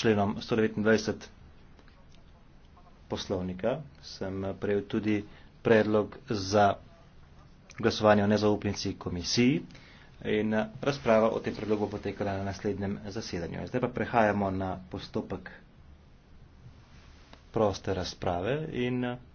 členom 129 poslovnika sem prejel tudi predlog za glasovanje o nezaupnici komisiji in razprava o tem predlogu potekala na naslednjem zasedanju. Zdaj pa prehajamo na postopek proste razprave in